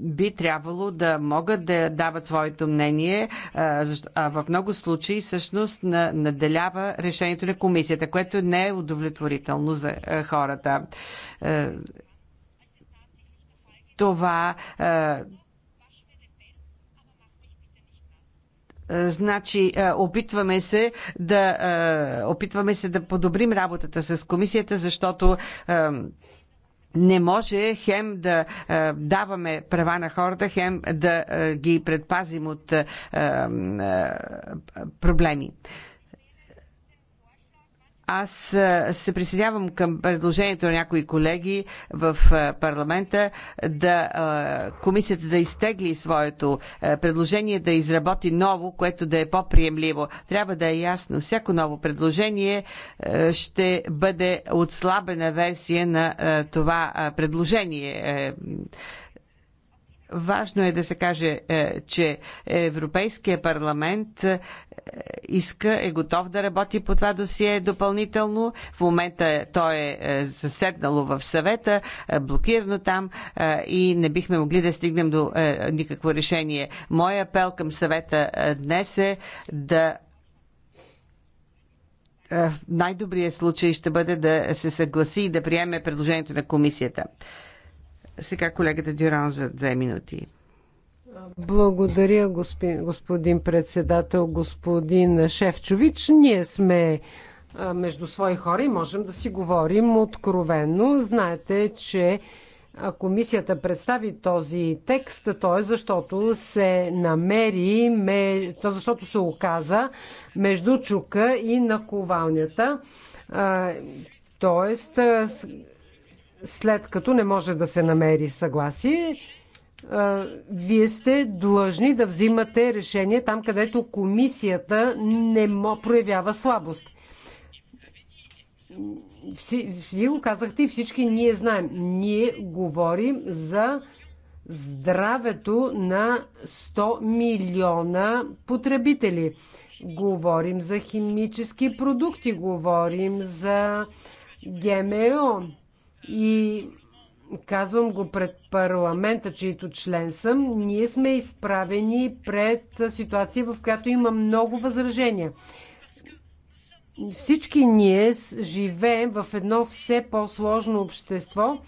би трябвало да могат да дават своето мнение, е, а в много случаи всъщност наделява решението на комисията, което не е удовлетворително за е, хората. Е, това Значи, опитваме се да, опитваме се да подобрим работата с комисията, защото не може хем да е, даваме права на хората, хем да е, ги предпазим от е, е, проблеми. Аз се присъединявам към предложението на някои колеги в парламента да комисията да изтегли своето предложение, да изработи ново, което да е по-приемливо. Трябва да е ясно. Всяко ново предложение ще бъде отслабена версия на това предложение. Е, важно е да се каже, е, че Европейския парламент е, иска, е готов да работи по това досие допълнително. В момента той е, е заседнало в съвета, е, блокирано там е, и не бихме могли да стигнем до никакво решение. Моя апел към съвета днес е да в най-добрия случай ще бъде да се съгласи и да приеме предложението на комисията. Сега колегата Дюран за две минути. Благодаря, господин председател, господин Шевчович. Ние сме между свои хора и можем да си говорим откровенно. Знаете, че комисията представи този текст, то е защото се намери, то защото се оказа между чука и наковалнята. Тоест, след като не може да се намери съгласие, вие сте длъжни да взимате решение там, където комисията не проявява слабост. Вие го казахте и всички ние знаем. Ние говорим за здравето на 100 милиона потребители. Говорим за химически продукти, говорим за ГМО. И Казвам го пред парламента, чието член съм. Ние сме изправени пред ситуация, в която има много възражения. Всички ние живеем в едно все по-сложно общество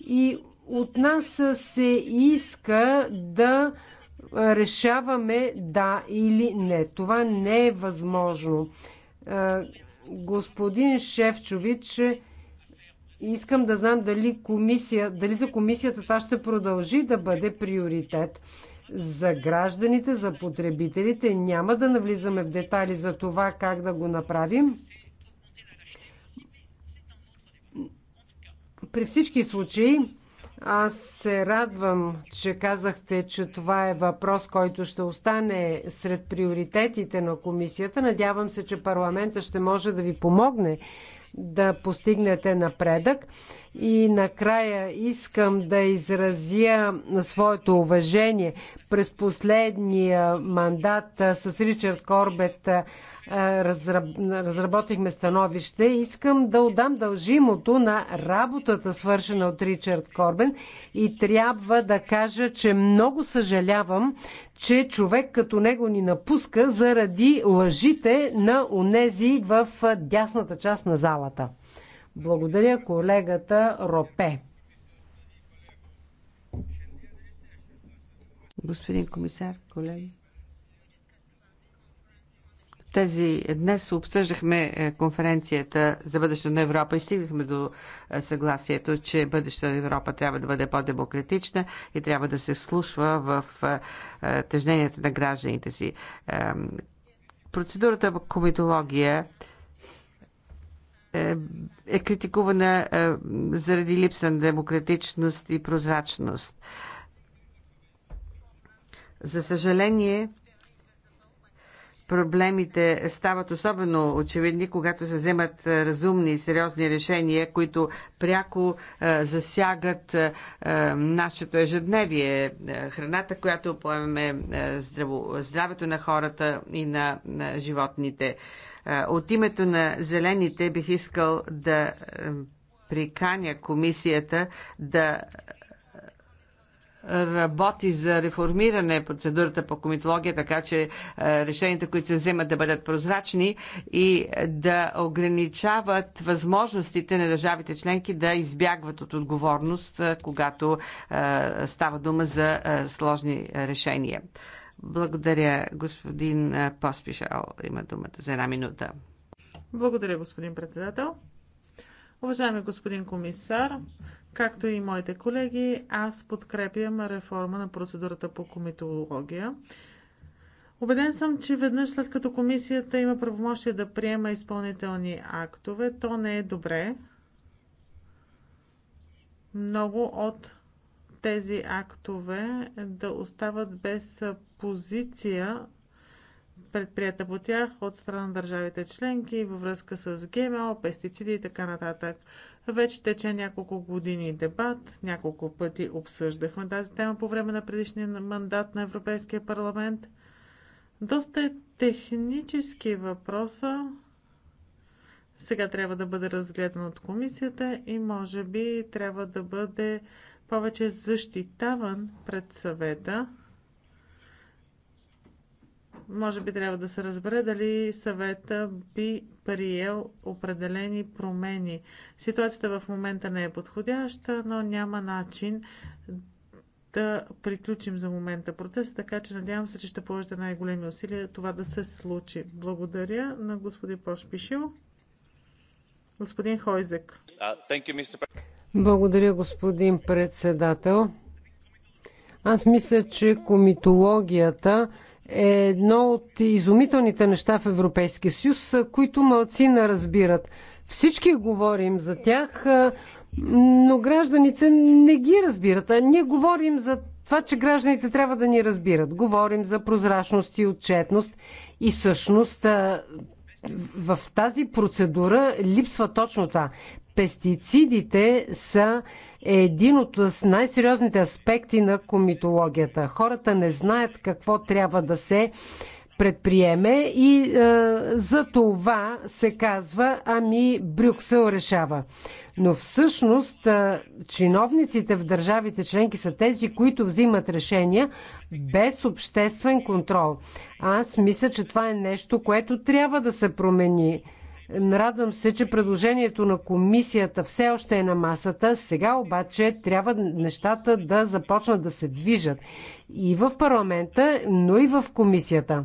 и от нас се иска да решаваме да или не. Това не е възможно. Е, господин Шевчович, искам да знам дали, комисия, дали за комисията това ще продължи да бъде приоритет за гражданите, за потребителите. Няма да навлизаме в детали за това как да го направим. При всички случаи, аз се радвам, че казахте, че това е въпрос, който ще остане сред приоритетите на комисията. Надявам се, че парламента ще може да ви помогне да постигнете напредък. И накрая искам да изразя своето уважение. През последния мандат с Ричард Корбет е, разраб... разработихме становище. Искам да отдам дължимото на работата, свършена от Ричард Корбен и трябва да кажа, че много съжалявам, че човек като него ни напуска заради лъжите на онези в дясната част на залата. Благодаря колегата Ропе. Господин комисар, колеги. Тези, днес обсъждахме е, конференцията за бъдещето на Европа и стигнахме до е, съгласието, че бъдещето на Европа трябва да бъде по-демократична и трябва да се вслушва в е, тежденията на гражданите си. Процедурата в комитология е критикувана заради липса на демократичност и прозрачност. За съжаление, проблемите стават особено очевидни, когато се вземат е, разумни и сериозни решения, които пряко е, засягат е, нашето ежедневие. Храната, която поемаме, здравето на хората и на животните. От името на зелените бих искал да приканя комисията да работи за реформиране процедурата по комитология, така че е, решенията, които се вземат да бъдат прозрачни и да ограничават възможностите на държавите членки да избягват от отговорност, е, когато е, става дума за сложни решения. Благодаря, господин Поспишал. Има думата за една минута. Благодаря, господин председател. Уважаеми господин комисар, Както и моите колеги, аз подкрепям реформа на процедурата по комитология. Обеден съм, че веднъж след като комисията има правомощие да приема изпълнителни актове, то не е добре много от тези актове да остават без позиция предприята по тях от страна на държавите членки във връзка с ГМО, пестициди и така нататък. Вече тече няколко години дебат, няколко пъти обсъждахме тази тема по време на предишния мандат на Европейския парламент. Доста е технически въпроса. Сега трябва да бъде разгледан от комисията и може би трябва да бъде повече защитаван пред съвета може би трябва да се разбере дали съвета би приел определени промени. Ситуацията в момента не е подходяща, но няма начин да приключим за момента процеса, така че надявам се, че ще положите най-големи усилия това да се случи. Благодаря на господин Пошпишил. Господин Хойзек. Uh, Благодаря, господин председател. Аз мисля, че комитологията е едно от изумителните неща в Европейския съюз, които не разбират. Всички говорим за тях, но гражданите не ги разбират. А ние говорим за това, че гражданите трябва да ни разбират. Говорим за прозрачност и отчетност и всъщност в тази процедура липсва точно това. Пестицидите са един от най-сериозните аспекти на комитологията. Хората не знаят какво трябва да се предприеме и е, за това се казва, ами Брюксел решава. Но всъщност е, чиновниците в държавите членки са тези, които взимат решения без обществен контрол. Аз мисля, че това е нещо, което трябва да се промени. Радвам се, че предложението на комисията все още е на масата. Сега обаче трябва нещата да започнат да се движат и в парламента, но и в комисията.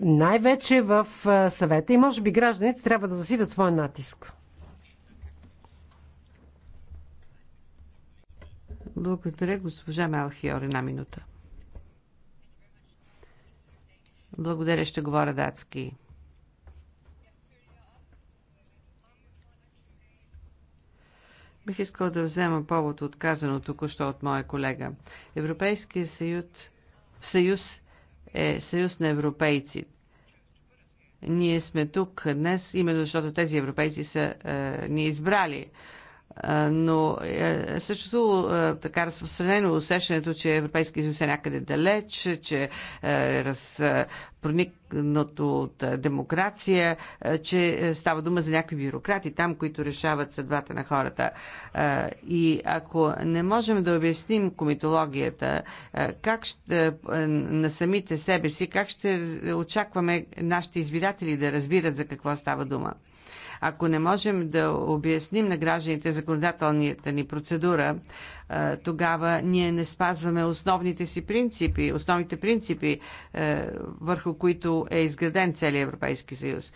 Най-вече в съвета и може би гражданите трябва да засилят своя натиск. Благодаря, госпожа Мелхиор, една минута. Благодаря, ще говоря датски. Бих искал да взема повод от казано току-що от моя колега. Европейския съюз, съюз е съюз на европейци. Ние сме тук днес, именно защото тези европейци са е, ни избрали но е, е също е, така разпространено усещането, че Европейския съюз е някъде далеч, че е раз, проникнато от е, демокрация, е, че става дума за някакви бюрократи там, които решават съдбата на хората. И ако не можем да обясним комитологията, как ще, на самите себе си, как ще очакваме нашите избиратели да разбират за какво става дума? Ако не можем да обясним на гражданите законодателната ни процедура, тогава ние не спазваме основните си принципи, основните принципи, върху които е изграден целият Европейски съюз.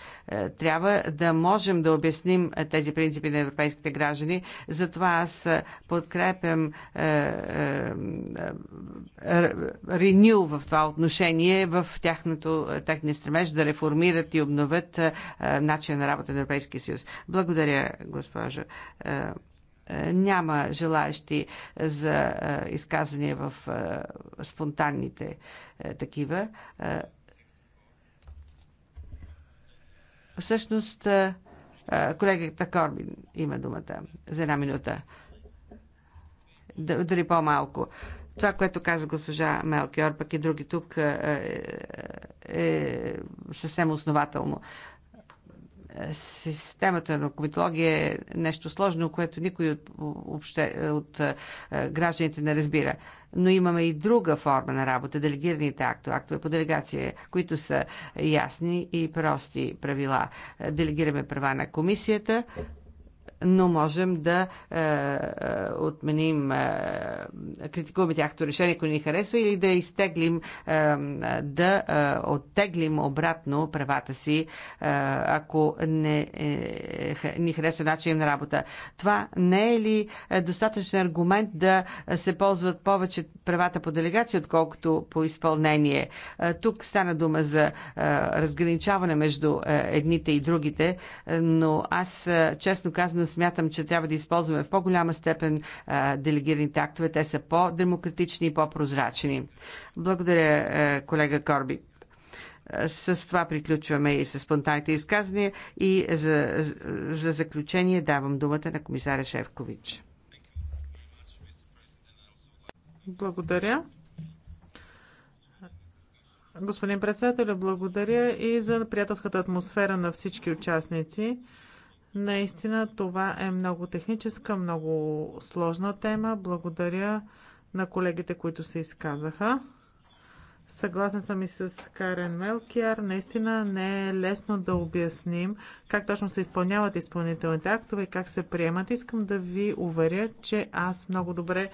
Трябва да можем да обясним тези принципи на европейските граждани. Затова аз подкрепям Renew в това отношение, в тяхното, техния стремеж да реформират и обновят начин на работа на Европейския Европейски съюз. Благодаря, госпожо. Е, е, няма желаящи за е, изказвания в спонтанните такива. Всъщност, колегата Корбин има думата за една минута. Дори по-малко. Това, което каза госпожа Мелкиор, пък и други тук, е, е съвсем основателно. Системата на комитология е нещо сложно, което никой от, обще, от е, гражданите не разбира. Но имаме и друга форма на работа, делегираните актове, актове по делегация, които са ясни и прости правила. Делегираме права на комисията, но можем да е, е, отменим, е, критикуваме тяхното решение, ако ни харесва, или да изтеглим, е, да е, оттеглим обратно правата си, е, ако не е, ни харесва начин на работа. Това не е ли е, достатъчен аргумент да се ползват повече правата по делегация, отколкото по изпълнение? Е, тук стана дума за разграничаване между едните и другите, но аз, честно казано, смятам, че трябва да използваме в по-голяма степен делегираните актове. Те са по-демократични и по-прозрачни. Благодаря, колега Корби. С това приключваме и с спонтанните изказания и за, за заключение давам думата на комисаря Шевкович. Благодаря. Господин председател, благодаря и за приятелската атмосфера на всички участници. Наистина това е много техническа, много сложна тема. Благодаря на колегите, които се изказаха. Съгласен съм и с Карен Мелкияр. Наистина не е лесно да обясним как точно се изпълняват изпълнителните актове и как се приемат. Искам да ви уверя, че аз много добре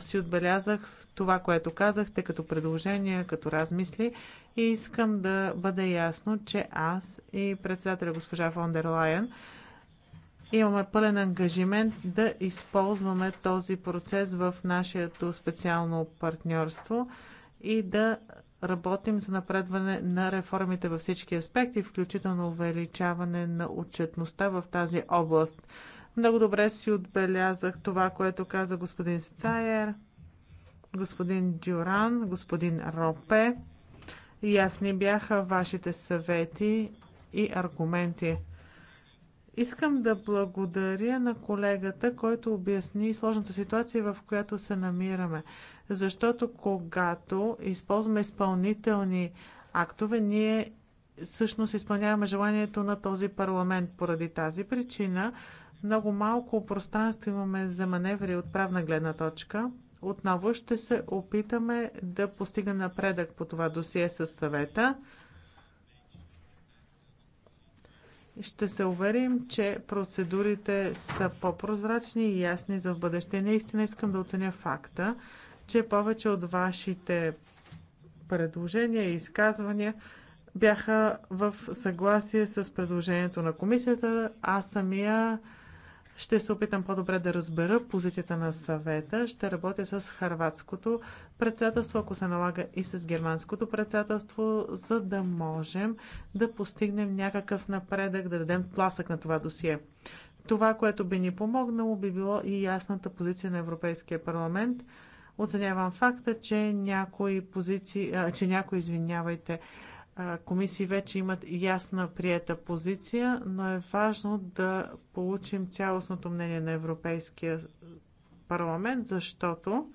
си отбелязах това, което казахте като предложение, като размисли и искам да бъде ясно, че аз и председателя госпожа Фондер Лайен имаме пълен ангажимент да използваме този процес в нашето специално партньорство и да работим за напредване на реформите във всички аспекти, включително увеличаване на отчетността в тази област. Много добре си отбелязах това, което каза господин Сцайер, господин Дюран, господин Ропе. Ясни бяха вашите съвети и аргументи. Искам да благодаря на колегата, който обясни сложната ситуация, в която се намираме. Защото когато използваме изпълнителни актове, ние всъщност изпълняваме желанието на този парламент. Поради тази причина много малко пространство имаме за маневри от правна гледна точка. Отново ще се опитаме да постигнем напредък по това досие с съвета. ще се уверим, че процедурите са по-прозрачни и ясни за в бъдеще. Наистина искам да оценя факта, че повече от вашите предложения и изказвания бяха в съгласие с предложението на комисията. Аз самия ще се опитам по-добре да разбера позицията на съвета. Ще работя с харватското председателство, ако се налага и с германското председателство, за да можем да постигнем някакъв напредък, да дадем тласък на това досие. Това, което би ни помогнало, би било и ясната позиция на Европейския парламент. Оценявам факта, че някои позиции, а, че някои, извинявайте, комисии вече имат ясна приета позиция, но е важно да получим цялостното мнение на Европейския парламент, защото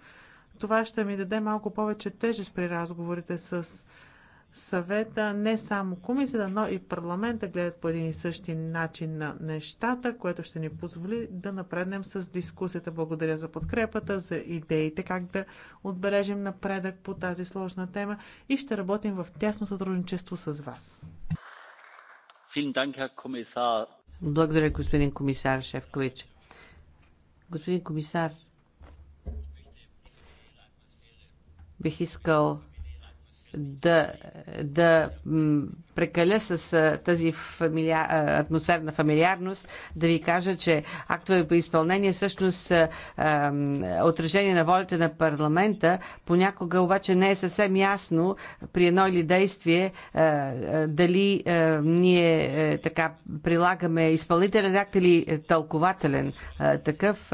това ще ми даде малко повече тежест при разговорите с съвета, не само комисията, но и парламента гледат по един и същи начин на нещата, което ще ни позволи да напреднем с дискусията. Благодаря за подкрепата, за идеите как да отбележим напредък по тази сложна тема и ще работим в тясно сътрудничество с вас. Благодаря, господин комисар Шефкович. Господин комисар, бих искал да, да прекаля с тази фамилия, атмосферна фамилиарност, да ви кажа, че актове по изпълнение всъщност са отражение на волята на парламента. Понякога обаче не е съвсем ясно при едно или действие дали ние е, така прилагаме изпълнителен акт или тълкователен такъв.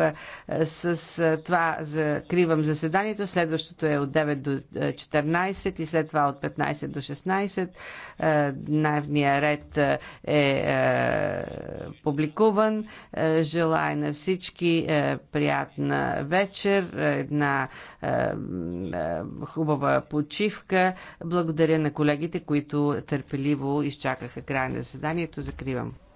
С това закривам заседанието. Следващото е от 9 до 14 и след това от 15 до 16. Е, дневния ред е, е публикуван. Е, желая на всички приятна вечер, една хубава почивка. Благодаря на колегите, които търпеливо изчакаха края на заседанието. Закривам.